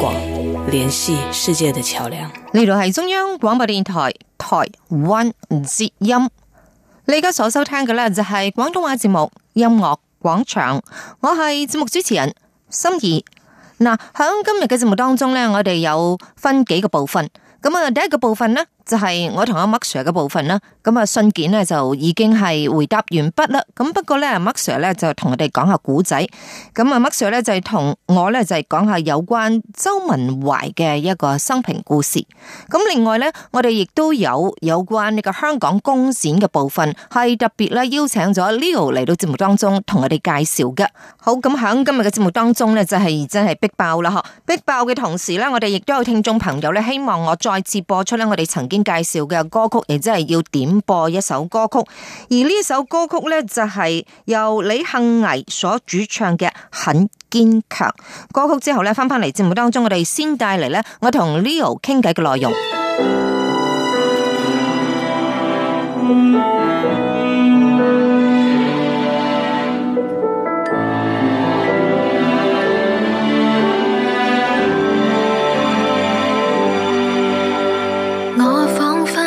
廣聯繫世界的橋樑，呢度係中央廣播電台台灣節音。你而家所收聽嘅呢，就係廣東話節目《音樂廣場》，我係節目主持人心儀。嗱，響今日嘅節目當中呢，我哋有分幾個部分。咁啊，第一個部分呢。就係我同阿 Maxie 嘅部分啦，咁啊，信件呢就已經係回答完畢啦。咁不過呢 Maxie 咧就同我哋講下古仔。咁啊，Maxie 咧就係同我呢就係講下有關周文懷嘅一個生平故事。咁另外呢，我哋亦都有有關呢個香港公展嘅部分，係特別咧邀請咗 Leo 嚟到節目當中同我哋介紹嘅。好，咁響今日嘅節目當中呢，就係真係逼爆啦！嗬，逼爆嘅同時呢，我哋亦都有聽眾朋友呢希望我再次播出呢我哋曾。已經介紹嘅歌曲，亦即係要點播一首歌曲，而呢首歌曲呢，就係、是、由李幸倪所主唱嘅《很堅強》歌曲。之後呢，翻返嚟節目當中，我哋先帶嚟呢，我同 Leo 傾偈嘅內容。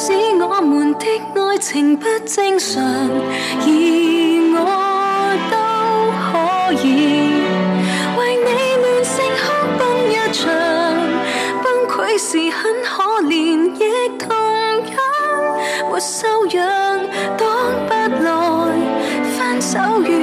使我們的愛情不正常，而我都可以為你亂性哭崩一場，崩潰時很可憐，亦同樣，沒修養，擋不來，分手。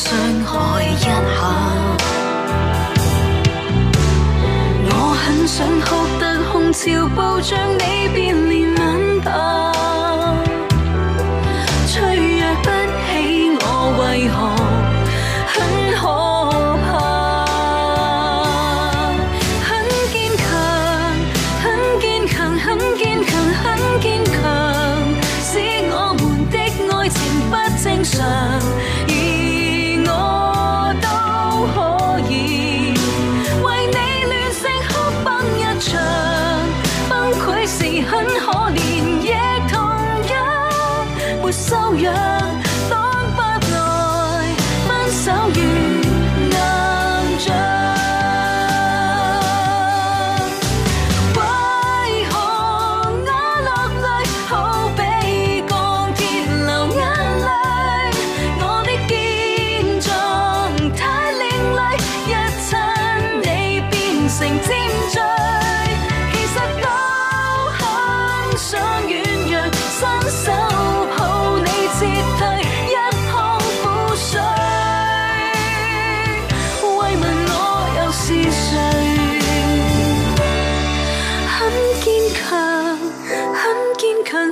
傷害一下，我很想哭但紅潮暴漲。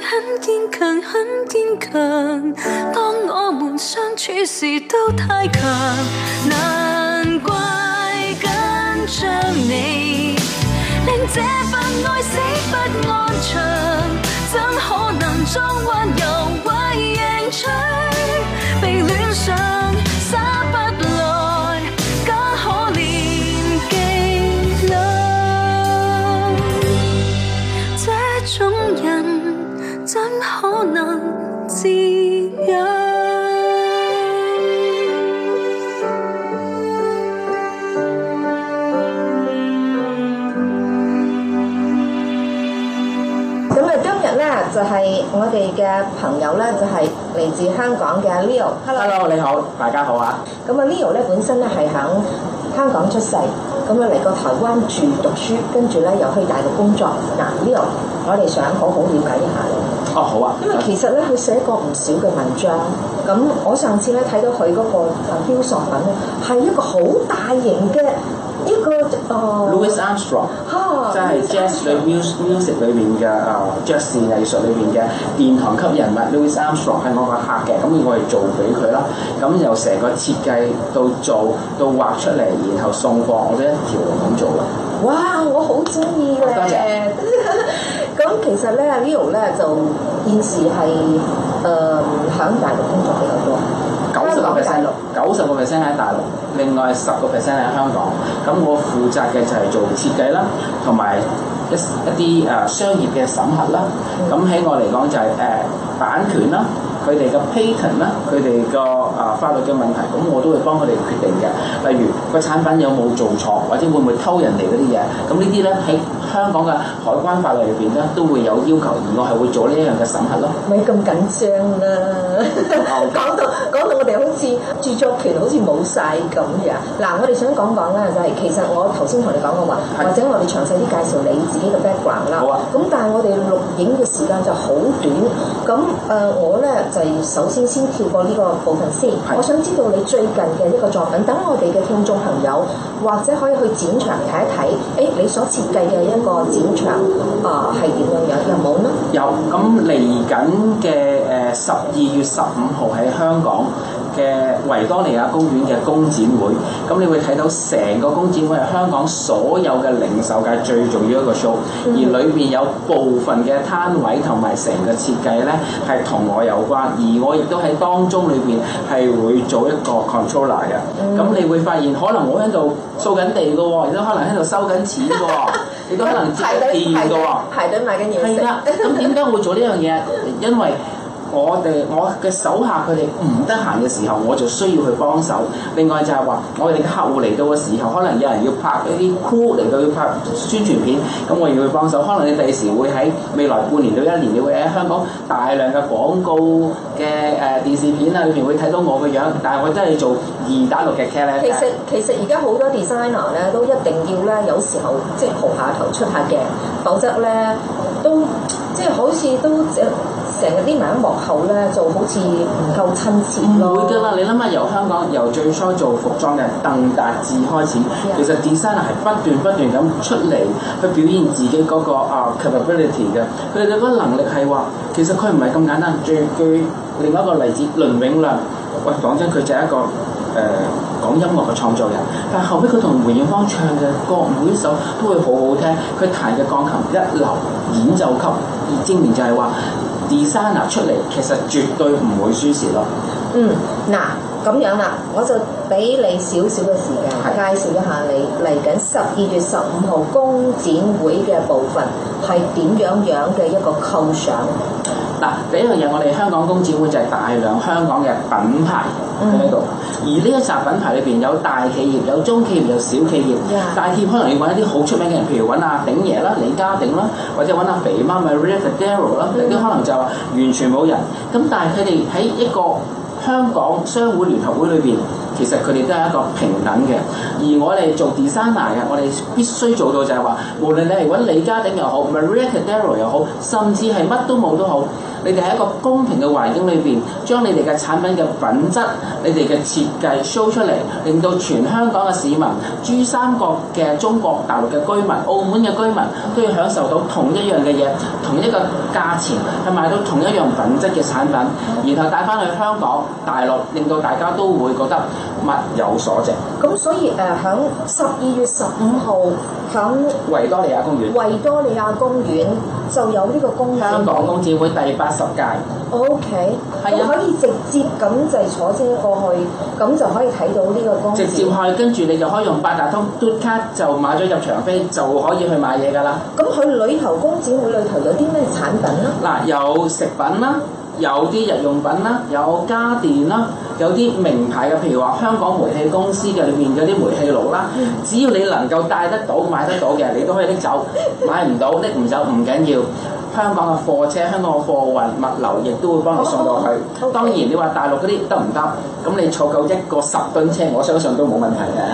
很堅強，很堅強。當我們相處時都太強，難怪緊張。你令這份愛死不安詳，怎可能裝溫柔為迎娶被戀上？就係、是，我哋嘅朋友咧，就係嚟自香港嘅 Leo。Hello。Hello，你好，大家好啊！咁啊，Leo 咧本身咧係響香港出世，咁啊嚟過台灣住讀，讀書跟住咧又去大陸工作。嗱，Leo，我哋想好好了解一下哦，oh, 好啊！因為其實咧，佢寫過唔少嘅文章。咁我上次咧睇到佢個個雕塑品咧，係一個好大型嘅一個。Oh, Louis Armstrong，即、oh, 係 jazz 裏 music 裏面嘅誒爵士藝術裏面嘅殿堂級人物 Louis Armstrong 係我個客嘅，咁我哋做俾佢啦。咁由成個設計到做到畫出嚟，然後送貨，我都一條龍咁做嘅。哇、wow！我好中意咧。多謝。咁 其實咧 Leo 咧就現時係誒喺大陸工作比較多。九十個 percent 喺大陸，另外十個 percent 喺香港。咁我負責嘅就係做設計啦，同埋一一啲啊商業嘅審核啦。咁、嗯、喺我嚟講就係、是、誒、呃、版權啦，佢哋嘅 patent 啦，佢哋個啊法律嘅問題，咁我都會幫佢哋決定嘅。例如個產品有冇做錯，或者會唔會偷人哋嗰啲嘢。咁呢啲咧喺香港嘅海關法律入邊咧，都會有要求，而我係會做呢一樣嘅審核咯。唔好咁緊張啦，講到講到，說到我哋好似著作權好似冇晒咁樣，嗱，我哋想講講咧，就係其實我頭先同你講嘅話，或者我哋詳細啲介紹你自己嘅 background 啦。好啊。咁但係我哋錄影嘅時間就好短，咁誒、呃、我咧就係首先先跳過呢個部分先。我想知道你最近嘅一個作品，等我哋嘅聽眾朋友或者可以去展場睇一睇，誒、哎、你所設計嘅一一、這個展場啊，係點樣樣？有冇咧？有，咁嚟緊嘅誒十二月十五號喺香港嘅維多利亞公園嘅工展會。咁你會睇到成個工展會係香港所有嘅零售界最重要的一個 show，、嗯、而裏邊有部分嘅攤位同埋成個設計呢係同我有關，而我亦都喺當中裏邊係會做一個 controller 嘅。咁、嗯、你會發現可能我喺度掃緊地嘅喎、哦，亦都可能喺度收緊錢嘅喎、哦。 你都可能排隊排隊買緊嘢，係啊！咁點解我會做呢樣嘢？因為。我哋我嘅手下佢哋唔得閒嘅時候，我就需要去幫手。另外就係話，我哋嘅客戶嚟到嘅時候，可能有人要拍一啲酷嚟到要拍宣傳片，咁我要去幫手。可能你第時會喺未來半年到一年，你會喺香港大量嘅廣告嘅誒電視片啊裏邊會睇到我嘅樣子，但係我真係做二打六嘅劇咧。其實其實而家好多 designer 咧都一定要咧有時候即係紅下頭出下鏡，否則咧都。即係好似都成日匿埋幕後咧，就好似唔夠親切咯、嗯。唔會噶啦，你諗下，由香港由最初做服裝嘅鄧達志開始是，其實 designer 係不斷不斷咁出嚟去表現自己嗰、那個啊、uh, capability 嘅。佢哋嗰個能力係話，其實佢唔係咁簡單。最最另外一個例子，倫永亮，喂，講真，佢就係一個誒、呃、講音樂嘅創作人。但後尾，佢同梅豔芳唱嘅歌每一首都會好好聽，佢彈嘅鋼琴一流，演奏級。而證明就係話 designer 出嚟，其實絕對唔會輸蝕咯。嗯，嗱，咁樣啦，我就俾你少少嘅時間介紹一下你嚟緊十二月十五號公展會嘅部分係點樣樣嘅一個構想。嗱，第一樣嘢，我哋香港工展會就係大量香港嘅品牌喺度、嗯，而呢一集品牌裏邊有大企業、有中企業、有小企業。Yeah. 大企業可能要揾一啲好出名嘅人，譬如揾阿鼎爺啦、李家鼎啦，或者揾阿肥媽咪、Maria Cordero 啦，呢啲可能就完全冇人。咁但係佢哋喺一個香港商會聯合會裏邊。其實佢哋都係一個平等嘅，而我哋做 designer 嘅，我哋必須做到就係話，無論你係揾李家鼎又好，Maria Cordero 又好，甚至係乜都冇都好。你哋喺一個公平嘅環境裏面，將你哋嘅產品嘅品質、你哋嘅設計 show 出嚟，令到全香港嘅市民、珠三角嘅中國大陸嘅居民、澳門嘅居民都要享受到同一樣嘅嘢、同一個價錢，去買到同一樣品質嘅產品，然後帶翻去香港、大陸，令到大家都會覺得物有所值。咁所以誒，喺十二月十五號，喺維多利亞公園，維多利亞公園就有呢個工展。香港工展會第八十屆，OK，我、啊、可以直接咁就係坐車過去，咁就可以睇到呢個工展。直接去，跟住你就可以用八達通嘟卡就買咗入場飛，就可以去買嘢噶啦。咁佢裏頭工展會裏頭有啲咩產品咧？嗱，有食品啦，有啲日用品啦，有家電啦，有啲名牌嘅，譬如話香港煤氣公司嘅裏面嗰啲煤氣爐啦。 只要你能夠帶得到買得到嘅，你都可以拎走；買唔到拎唔走，唔緊要。香港嘅貨車，香港嘅貨運物，物流亦都會幫你送到去。Oh, okay. 當然，你話大陸嗰啲得唔得？咁你坐夠一個十噸車，我相信都冇問題嘅。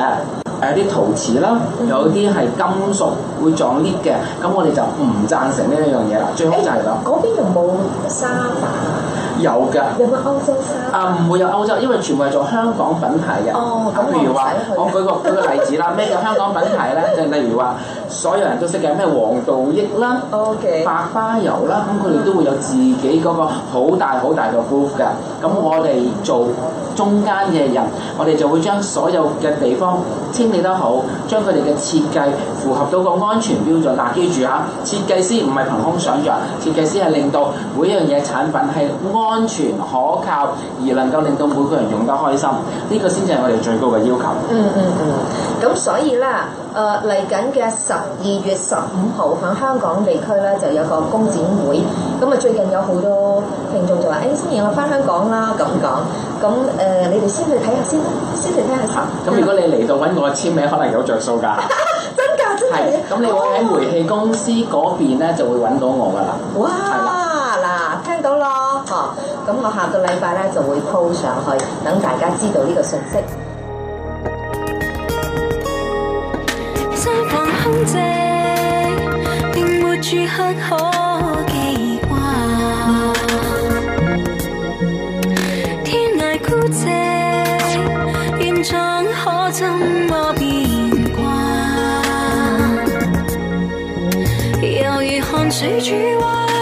誒、啊、啲陶瓷啦，mm-hmm. 有啲係金屬會撞 lift 嘅，咁我哋就唔贊成呢一樣嘢啦。最好就係講嗰邊有冇沙發。有㗎，有冇歐洲啊？唔會有歐洲，因為全部係做香港品牌嘅。哦，咁、嗯、譬如話，我舉個舉個例子啦，咩 叫香港品牌咧？即係、例如話，所有人都識嘅咩黃道益啦，OK，百花油啦，咁佢哋都會有自己個好大好、嗯、大個 group 嘅。咁我哋做中間嘅人，我哋就會將所有嘅地方清理得好，將佢哋嘅設計符合到個安全標準。嗱，記住吓，設計師唔係憑空想象，設計師係令到每一樣嘢產品係安。安全可靠，而能夠令到每個人用得開心，呢、這個先至係我哋最高嘅要求。嗯嗯嗯。咁、嗯、所以啦，誒嚟緊嘅十二月十五號喺香港地區咧就有一個工展會。咁啊最近有好多聽眾就話：誒、哎，星爺我返香港啦咁講。咁誒、呃，你哋先去睇下先，先去聽下先。咁、嗯、如果你嚟到揾我簽名，可能有着數㗎。真㗎，真係嘅。咁你會喺煤氣公司嗰邊咧就會揾到我㗎啦。哇、wow.！咁、哦、我下個禮拜呢，就會 po 上去，等大家知道呢個信息。西房空寂，並沒住客可記掛。天涯孤寂，現狀可怎麼變卦？猶如汗水煮蛙。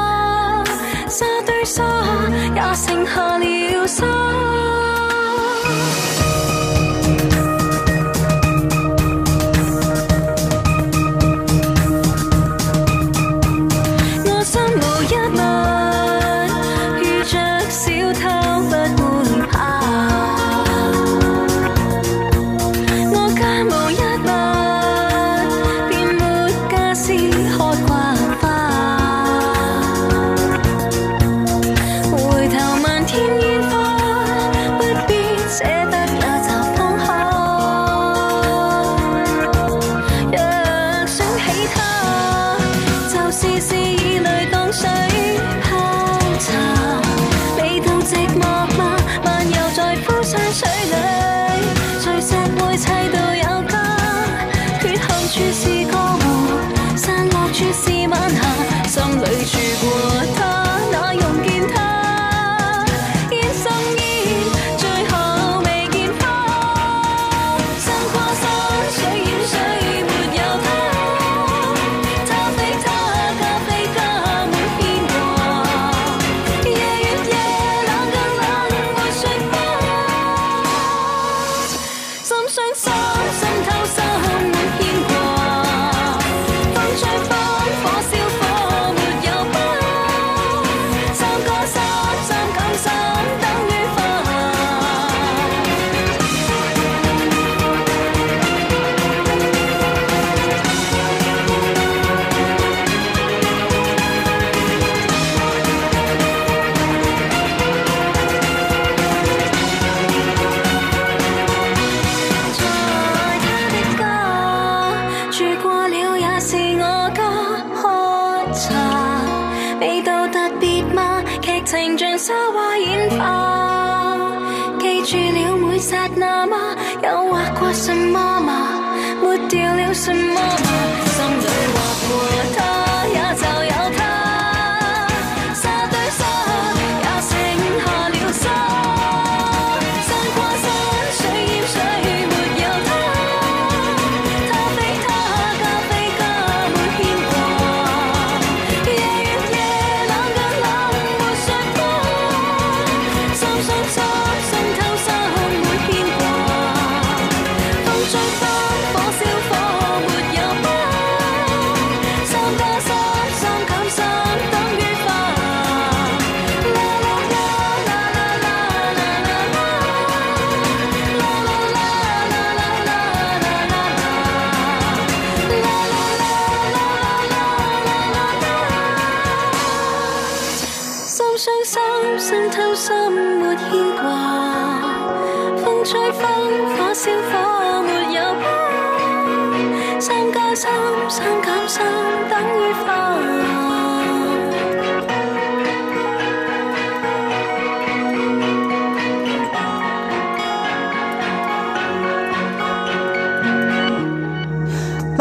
沙也剩下了沙。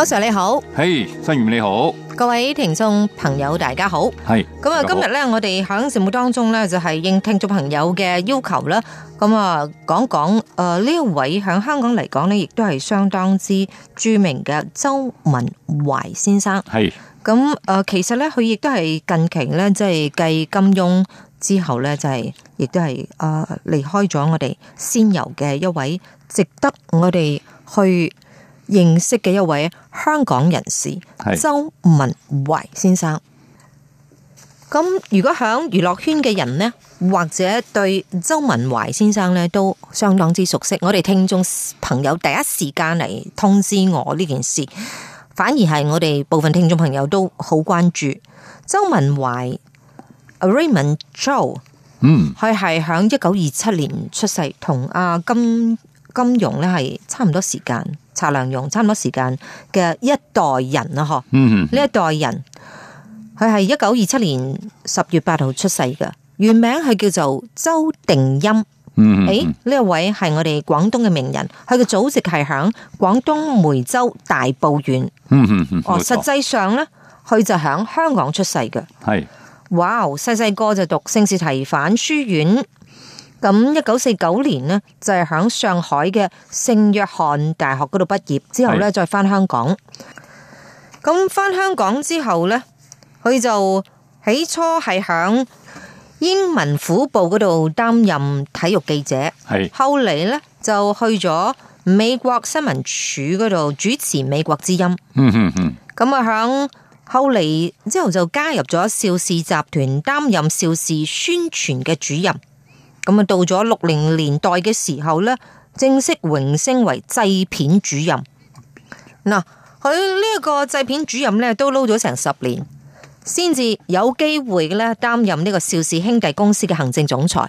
老師你好，係、hey, 新源你好，各位聽眾朋友大家好，係。咁啊，今日咧，我哋響節目當中咧，就係應聽眾朋友嘅要求啦，咁啊，講講誒呢一位響香港嚟講咧，亦都係相當之著名嘅周文懷先生。係。咁誒，其實咧，佢亦都係近期咧，即係繼金庸之後咧，就是，就係亦都係誒離開咗我哋仙遊嘅一位，值得我哋去。認識嘅一位香港人士周文懷先生。咁如果響娛樂圈嘅人呢，或者對周文懷先生呢，都相當之熟悉。我哋聽眾朋友第一時間嚟通知我呢件事，反而係我哋部分聽眾朋友都好關注周文懷 Raymond Joe，佢、嗯、係響一九二七年出世，同阿金金庸呢係差唔多時間。查良鏞差唔多時間嘅一代人啊。嗬、嗯，呢一代人佢係一九二七年十月八號出世嘅，原名係叫做周定音。誒、嗯、呢、哎、一、這個、位係我哋廣東嘅名人，佢嘅祖籍係響廣東梅州大埔縣。嗯嗯哦，實際上呢，佢就響香港出世嘅。係，哇，細細個就讀聖士提反書院。咁一九四九年呢，就係、是、響上海嘅聖約翰大學嗰度畢業，之後呢，再翻香港。咁翻香港之後呢，佢就起初係響英文府部嗰度擔任體育記者，係後嚟呢，就去咗美國新聞處嗰度主持美國之音。咁啊，響後嚟之後就加入咗邵氏集團，擔任邵氏宣傳嘅主任。咁啊，到咗六零年代嘅時候呢，正式榮升為製片主任。嗱，佢呢個製片主任呢，都撈咗成十年，先至有機會呢，擔任呢個邵氏兄弟公司嘅行政總裁。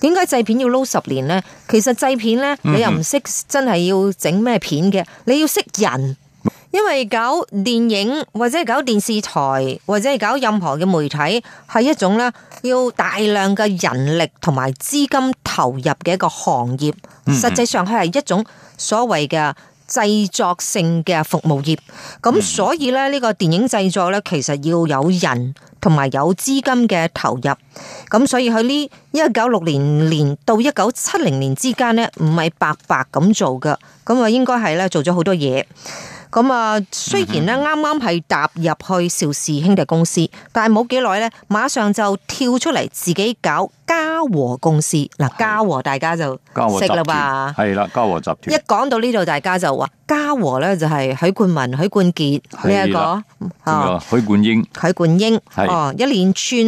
點解製片要撈十年呢？其實製片呢，mm-hmm. 你又唔識真係要整咩片嘅，你要識人，因為搞電影或者搞電視台或者搞任何嘅媒體係一種呢。要大量嘅人力同埋資金投入嘅一個行業，實際上佢係一種所謂嘅製作性嘅服務業。咁所以咧，呢個電影製作咧，其實要有人同埋有資金嘅投入。咁所以喺呢一九六零年到一九七零年之間咧，唔係白白咁做嘅。咁啊，應該係咧做咗好多嘢。咁啊，雖然咧啱啱係踏入去邵氏兄弟公司，但係冇幾耐咧，馬上就跳出嚟自己搞嘉禾公司。嗱、啊，嘉禾大家就識啦吧？係啦，嘉禾集團。一講到呢度，大家就話嘉禾咧就係許冠文、許冠傑呢一個啊，許冠英、許、啊、冠英啊，一連串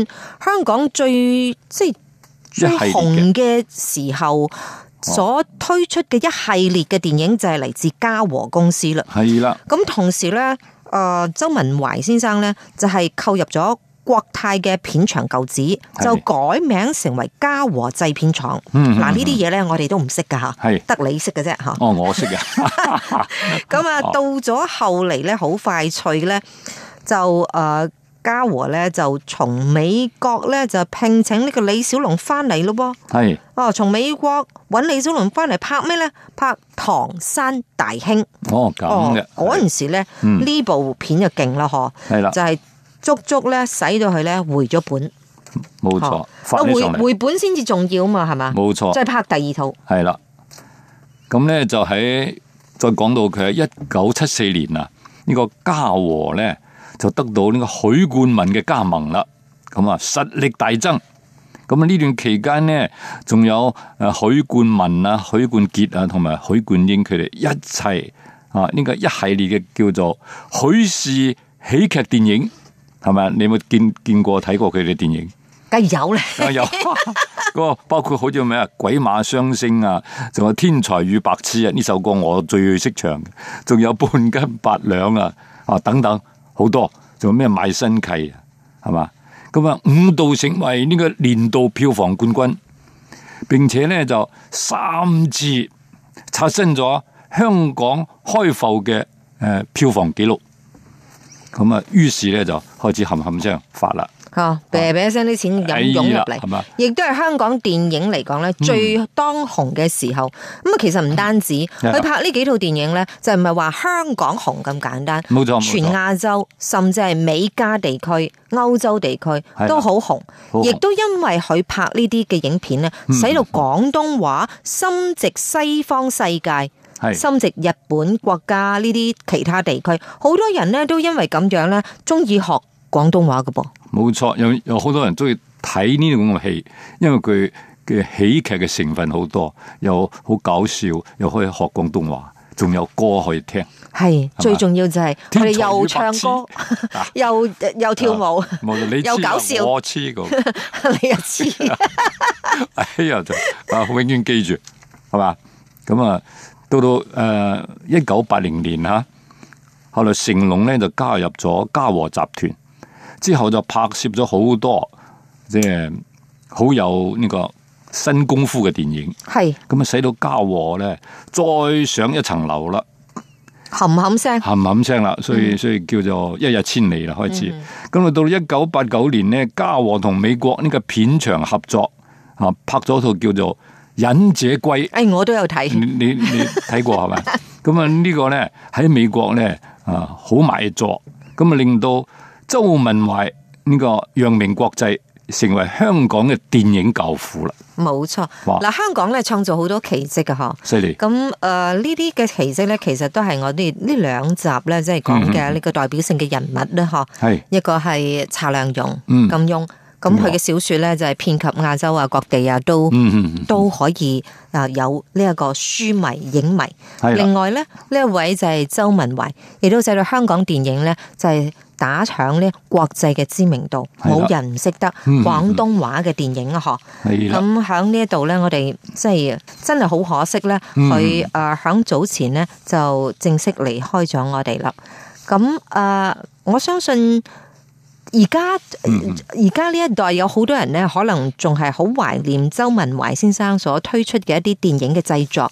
香港最即係最紅嘅時候。所推出嘅一系列嘅電影就係嚟自嘉禾公司啦，係啦。咁同時咧，誒、呃，周文懷先生咧就係購入咗國泰嘅片場舊址，就改名成為嘉禾製片廠。嗱，呢啲嘢咧，我哋都唔識噶吓，係得你識嘅啫吓。哦，我識啊 。咁啊，到咗後嚟咧，好快脆咧，就誒。呃嘉禾咧就從美國咧就聘請呢個李小龍翻嚟咯噃，係哦從美國揾李小龍翻嚟拍咩咧？拍《唐山大兄》哦咁嘅嗰陣時咧呢、嗯、部片就勁啦嗬，係啦就係、是、足足咧使到佢咧回咗本，冇錯，哦、回回本先至重要啊嘛係嘛，冇錯，即、就、係、是、拍第二套係啦。咁咧就喺再講到佢喺一九七四年啊、這個、呢個嘉禾咧。就得到呢個許冠文嘅加盟啦，咁啊實力大增。咁啊呢段期間呢，仲有誒許冠文啊、許冠傑啊、同埋許冠英佢哋一齊啊呢個一系列嘅叫做許氏喜劇電影，係咪啊？你有冇見見過睇過佢哋電影？梗有啦， 有嗰個包括好似咩啊《鬼馬雙星》啊，仲有《天才與白痴》啊，呢首歌我最識唱，仲有《半斤八兩》啊啊等等。好多，仲有咩賣身契啊，係嘛？咁啊，五度成為呢個年度票房冠軍，並且咧就三次刷新咗香港開埠嘅誒、呃、票房紀錄。咁啊，於是咧就開始冚冚聲發啦。吓、哦，嗶嗶一聲啲、啊、錢又湧入嚟，亦都係香港電影嚟講咧最當紅嘅時候。咁、嗯、啊，其實唔單止佢、嗯、拍呢幾套電影咧，就唔係話香港紅咁簡單。冇錯，全亞洲甚至係美加地區、歐洲地區都好紅，亦都因為佢拍呢啲嘅影片咧，使到廣東話、嗯、深植西方世界，深植日本國家呢啲其他地區，好多人咧都因為咁樣咧中意學。廣東話㗎噃，冇錯，有有好多人中意睇呢種嘅戲，因為佢嘅喜劇嘅成分好多，又好搞笑，又可以學廣東話，仲有歌可以聽。係，最重要就係佢哋又唱歌，啊、又又跳舞、啊啊你，又搞笑，我黐個， 你黐又癡， 哎呀，就啊，永遠記住，係嘛？咁啊，到到誒一九八零年吓，後來成龍咧就加入咗嘉禾集團。之後就拍攝咗好多，即係好有呢個新功夫嘅電影。係咁啊，使到嘉禾咧再上一層樓啦。冚冚聲，冚冚聲啦，所以所以叫做一日千里啦。開始咁啊，嗯、到一九八九年咧，嘉禾同美國呢個片場合作啊，拍咗套叫做《忍者龜》。哎，我都有睇，你你睇過係咪？咁 啊，呢個咧喺美國咧啊好賣座，咁啊令到。周文懷呢個揚名國際，成為香港嘅電影教父啦。冇錯，嗱，香港咧創造好多奇蹟嘅嗬。犀利！咁誒，呃、呢啲嘅奇蹟咧，其實都係我哋呢兩集咧，即係講嘅呢個代表性嘅人物咧，嗬、嗯。係一個係查良鏞、嗯、金庸，咁佢嘅小說咧、嗯、就係、是、遍及亞洲啊、各地啊，都、嗯、哼哼都可以啊有呢一個書迷影迷。另外咧，呢一位就係周文懷，亦都使到香港電影咧就係、是。打響呢國際嘅知名度，冇人唔識得廣東話嘅電影啊！嗬、嗯，咁喺呢一度咧，我哋即係真係好可惜咧，佢誒喺早前咧就正式離開咗我哋啦。咁誒、呃，我相信。而家而家呢一代有好多人咧，可能仲係好懷念周文懷先生所推出嘅一啲電影嘅製作，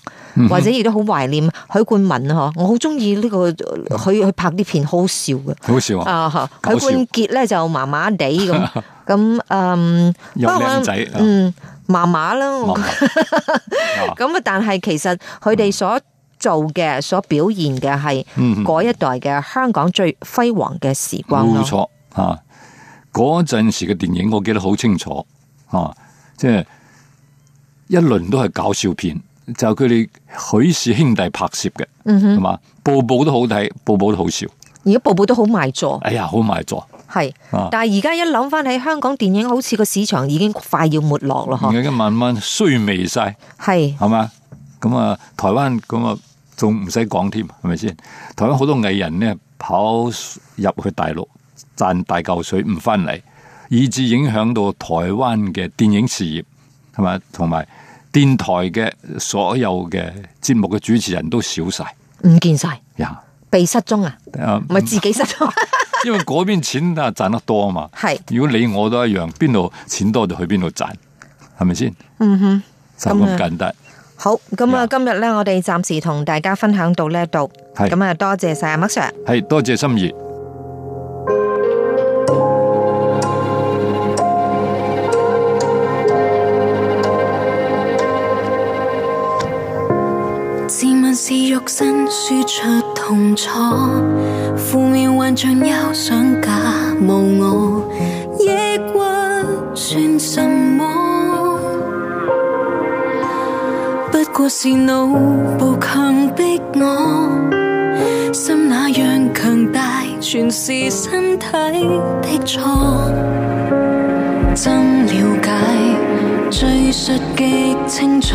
或者亦都好懷念許冠文嗬。我好中意呢個佢去、啊、拍啲片好笑嘅，好笑啊！許、啊、冠傑咧就麻麻地咁，咁誒，不 過嗯麻麻啦，咁啊，嗯、媽媽 但係其實佢哋所做嘅、嗯、所表現嘅係嗰一代嘅香港最輝煌嘅時光咯。冇錯吓。嗰陣時嘅電影我記得好清楚，啊，即係一輪都係搞笑片，就佢哋許氏兄弟拍攝嘅，嗯哼，係嘛，部部都好睇，部部都好笑，而家部部都好賣座。哎呀，好賣座，係，啊，但係而家一諗翻喺香港電影，好似個市場已經快要沒落咯，吓，而家慢慢衰微晒，係，係嘛，咁啊，台灣咁啊，仲唔使講添，係咪先？台灣好多藝人咧跑入去大陸。賺大嚿水唔翻嚟，以至影響到台灣嘅電影事業，係嘛？同埋電台嘅所有嘅節目嘅主持人都少晒，唔見晒，呀、yeah.，被失蹤啊，唔、啊、係自己失蹤， 因為嗰邊錢啊賺得多啊嘛。係，如果你我都一樣，邊度錢多就去邊度賺，係咪先？嗯哼，咁簡單。嗯、好，咁啊，今日咧，我哋暫時同大家分享到呢一度。係，咁啊，多謝晒阿麥 Sir。係，多謝心儀。肉身輸出痛楚，負面幻象又想假冒我，抑鬱算什麼？不過是腦部強迫我，心那樣強大，全是身體的錯。真了解，追溯極清楚。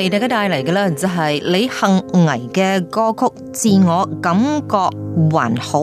為大家帶嚟嘅咧就係李幸倪嘅歌曲《自我感覺還好》。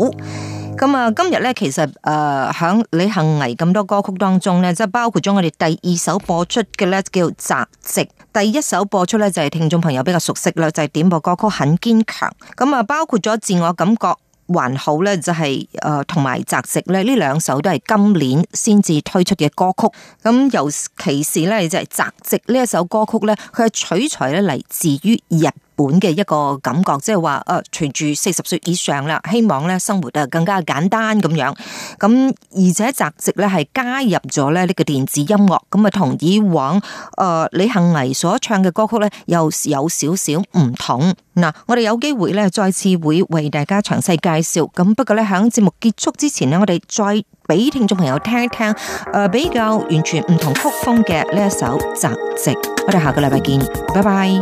咁啊，今日咧其實誒響李幸倪咁多歌曲當中咧，即係包括咗我哋第二首播出嘅咧叫《侘寂》。第一首播出咧就係聽眾朋友比較熟悉啦，就係點播歌曲《很堅強》。咁啊，包括咗《自我感覺》。還好咧，就係誒，同埋《擇席侘寂》咧，呢兩首都係今年先至推出嘅歌曲。咁尤其是咧，就係《侘寂》呢一首歌曲咧，佢係取材咧嚟自於日。本嘅一個感覺，即係話誒，隨住四十歲以上啦，希望咧生活得更加簡單咁樣。咁而且侘寂咧係加入咗咧呢個電子音樂，咁啊同以往誒、呃、李幸倪所唱嘅歌曲咧又有少少唔同。嗱、呃，我哋有機會咧再次會為大家詳細介紹。咁不過咧喺節目結束之前呢，我哋再俾聽眾朋友聽一聽誒、呃，比較完全唔同曲風嘅呢一首侘寂。我哋下個禮拜見，拜拜。